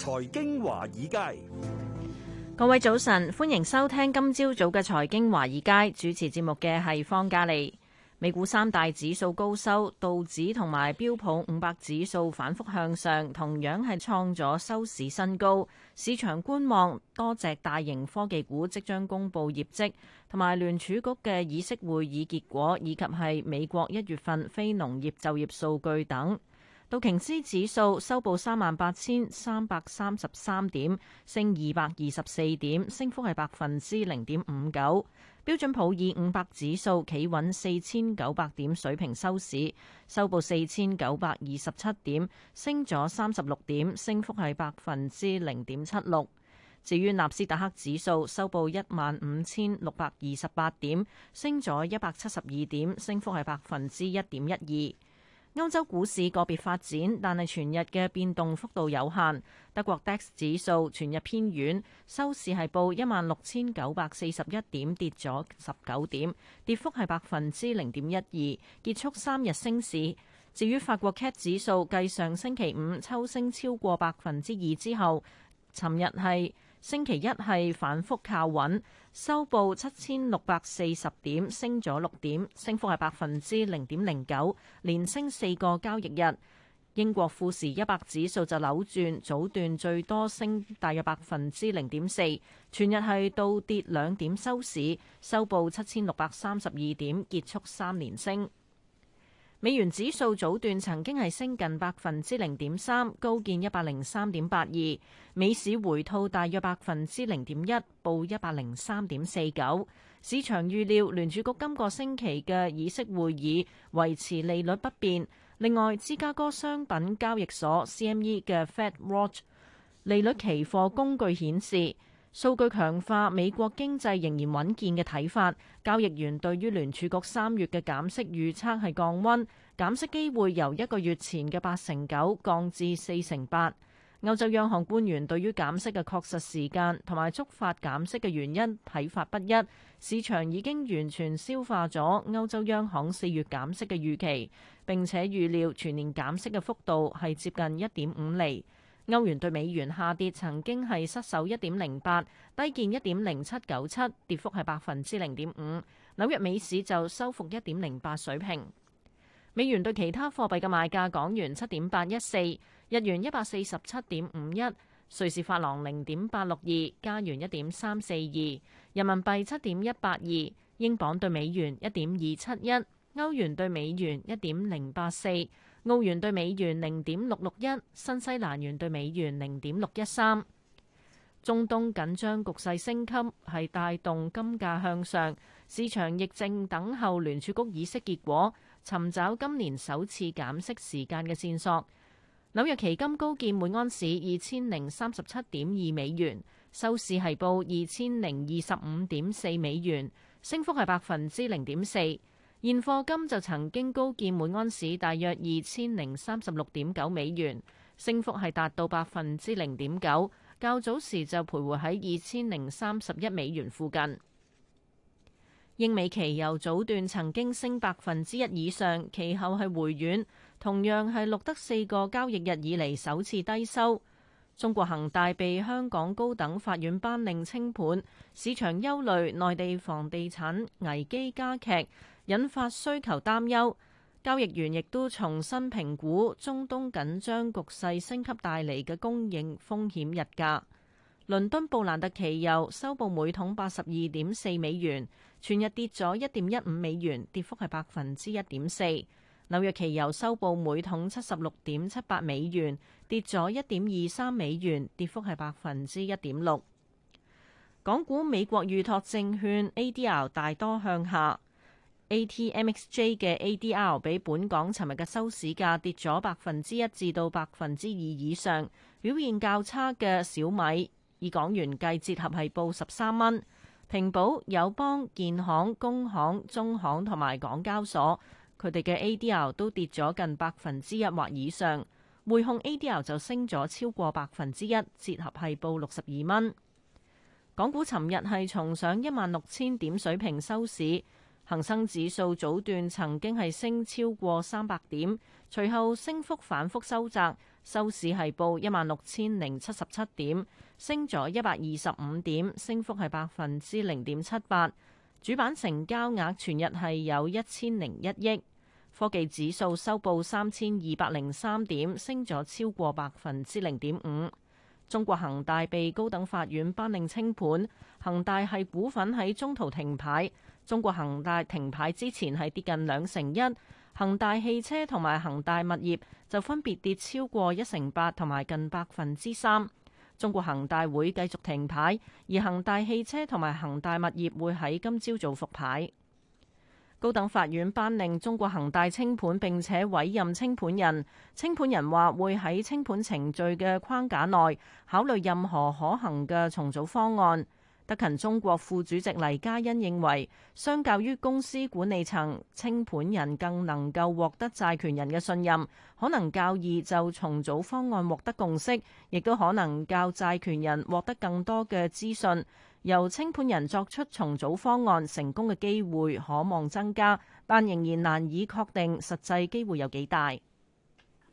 財經華爾街，各位早晨，歡迎收聽今朝早嘅財經華爾街主持節目嘅係方嘉利。美股三大指數高收，道指同埋標普五百指數反復向上，同樣係創咗收市新高。市場觀望多隻大型科技股即將公布業績，同埋聯儲局嘅議息會議結果，以及係美國一月份非農業就業數據等。道瓊斯指數收報三萬八千三百三十三點，升二百二十四點，升幅係百分之零點五九。標準普爾五百指數企穩四千九百點水平收市，收報四千九百二十七點，升咗三十六點，升幅係百分之零點七六。至於納斯達克指數收報一萬五千六百二十八點，升咗一百七十二點，升幅係百分之一點一二。歐洲股市個別發展，但係全日嘅變動幅度有限。德國 DAX 指數全日偏軟，收市係報一萬六千九百四十一點，跌咗十九點，跌幅係百分之零點一二，結束三日升市。至於法國 CAC 指數，繼上星期五抽升超過百分之二之後，尋日係星期一，係反覆靠穩。收報七千六百四十點，升咗六點，升幅係百分之零點零九，連升四個交易日。英國富時一百指數就扭轉，早段最多升大約百分之零點四，全日係倒跌兩點收市，收報七千六百三十二點，結束三連升。美元指數早段曾經係升近百分之零點三，高見一百零三點八二。美市回吐大約百分之零點一，報一百零三點四九。市場預料聯儲局今個星期嘅議息會議維持利率不變。另外，芝加哥商品交易所 CME 嘅 Fed Watch 利率期貨工具顯示。數據強化美國經濟仍然穩健嘅睇法，交易員對於聯儲局三月嘅減息預測係降溫，減息機會由一個月前嘅八成九降至四成八。歐洲央行官員對於減息嘅確實時間同埋觸發減息嘅原因睇法不一，市場已經完全消化咗歐洲央行四月減息嘅預期，並且預料全年減息嘅幅度係接近一點五厘。歐元對美元下跌，曾經係失守一點零八，低見一點零七九七，跌幅係百分之零點五。紐約美市就收復一點零八水平。美元對其他貨幣嘅賣價：港元七點八一四，日元一百四十七點五一，瑞士法郎零點八六二，加元一點三四二，人民幣七點一八二，英鎊對美元一點二七一，歐元對美元一點零八四。澳元兌美元零點六六一，新西蘭元兌美元零點六一三。中東緊張局勢升級係帶動金價向上，市場亦正等候聯儲局議息結果，尋找今年首次減息時間嘅線索。紐約期金高見每安士二千零三十七點二美元，收市係報二千零二十五點四美元，升幅係百分之零點四。現貨金就曾經高見每安士大約二千零三十六點九美元，升幅係達到百分之零點九。較早時就徘徊喺二千零三十一美元附近。英美期油早段曾經升百分之一以上，其後係回軟，同樣係錄得四個交易日以嚟首次低收。中國恒大被香港高等法院頒令清盤，市場憂慮內地房地產危機加劇。引發需求擔憂，交易員亦都重新評估中東緊張局勢升級帶嚟嘅供應風險。日價倫敦布蘭特期油收報每桶八十二點四美元，全日跌咗一點一五美元，跌幅係百分之一點四。紐約期油收報每桶七十六點七八美元，跌咗一點二三美元，跌幅係百分之一點六。港股美國預託證券 ADR 大多向下。ATMXJ 嘅 A D R 比本港尋日嘅收市價跌咗百分之一至到百分之二以上，表現較差嘅小米以港元計，折合係報十三蚊。平保、友邦、建行、工行、中行同埋港交所，佢哋嘅 A D R 都跌咗近百分之一或以上。匯控 A D R 就升咗超過百分之一，折合係報六十二蚊。港股尋日係重上一萬六千點水平收市。恒生指數早段曾經係升超過三百點，隨後升幅反覆收窄，收市係報一萬六千零七十七點，升咗一百二十五點，升幅係百分之零點七八。主板成交額全日係有一千零一億。科技指數收報三千二百零三點，升咗超過百分之零點五。中國恒大被高等法院頒令清盤，恒大係股份喺中途停牌。中國恒大停牌之前係跌近兩成一，恒大汽車同埋恒大物業就分別跌超過一成八同埋近百分之三。中國恒大會繼續停牌，而恒大汽車同埋恒大物業會喺今朝早復牌。高等法院頒令中國恒大清盤，並且委任清盤人。清盤人話會喺清盤程序嘅框架內考慮任何可行嘅重組方案。德勤中國副主席黎嘉欣認為，相較於公司管理層，清盤人更能夠獲得債權人嘅信任，可能較易就重組方案獲得共識，亦都可能較債權人獲得更多嘅資訊。由清盤人作出重組方案成功嘅機會可望增加，但仍然難以確定實際機會有幾大。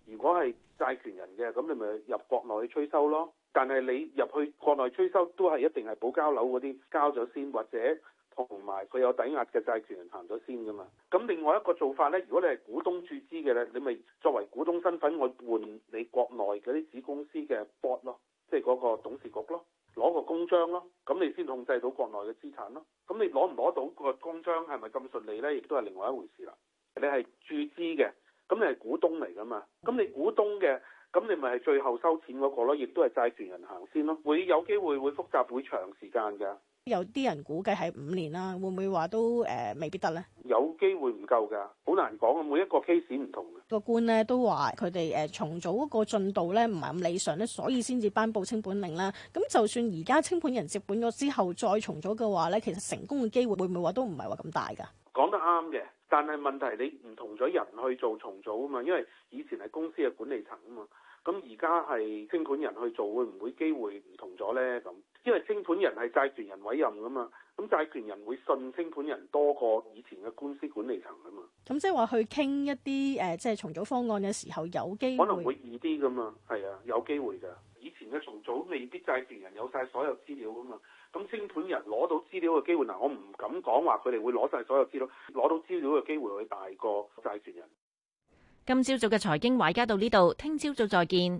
如果係債權人嘅，咁你咪入國內去催收咯。但係你入去國內催收都係一定係保交樓嗰啲交咗先，或者同埋佢有抵押嘅債權人行咗先噶嘛？咁另外一個做法呢，如果你係股東注資嘅呢，你咪作為股東身份去換你國內嗰啲子公司嘅 board 咯，即係嗰個董事局咯，攞個公章咯，咁你先控制到國內嘅資產咯。咁你攞唔攞到個公章係咪咁順利呢？亦都係另外一回事啦。你係注資嘅，咁你係股東嚟噶嘛？咁你股東嘅。咁你咪係最後收錢嗰個咯，亦都係債權人行先咯，會有機會會複雜，會長時間㗎。有啲人估計係五年啦，會唔會話都誒、呃、未必得呢？有機會唔夠㗎，好難講啊！每一個 case 唔同。個官呢都話佢哋誒重組嗰個進度咧唔係咁理想咧，所以先至頒布清盤令啦。咁就算而家清盤人接管咗之後再重組嘅話咧，其實成功嘅機會會唔會話都唔係話咁大㗎？講得啱嘅，但係問題你唔同咗人去做重組啊嘛，因為以前係公司嘅管理層啊嘛。咁而家係清盤人去做，會唔會機會唔同咗呢？咁因為清盤人係債權人委任噶嘛，咁債權人會信清盤人多過以前嘅公司管理層㗎嘛。咁即係話去傾一啲誒，即係重組方案嘅時候，有機會可能會易啲噶嘛？係啊，有機會㗎。以前嘅重組未必債權人有晒所有資料噶嘛。咁清盤人攞到資料嘅機會嗱，我唔敢講話佢哋會攞晒所有資料，攞到資料嘅機會會大過債權人。今朝早嘅財經話家到呢度，聽朝早再見。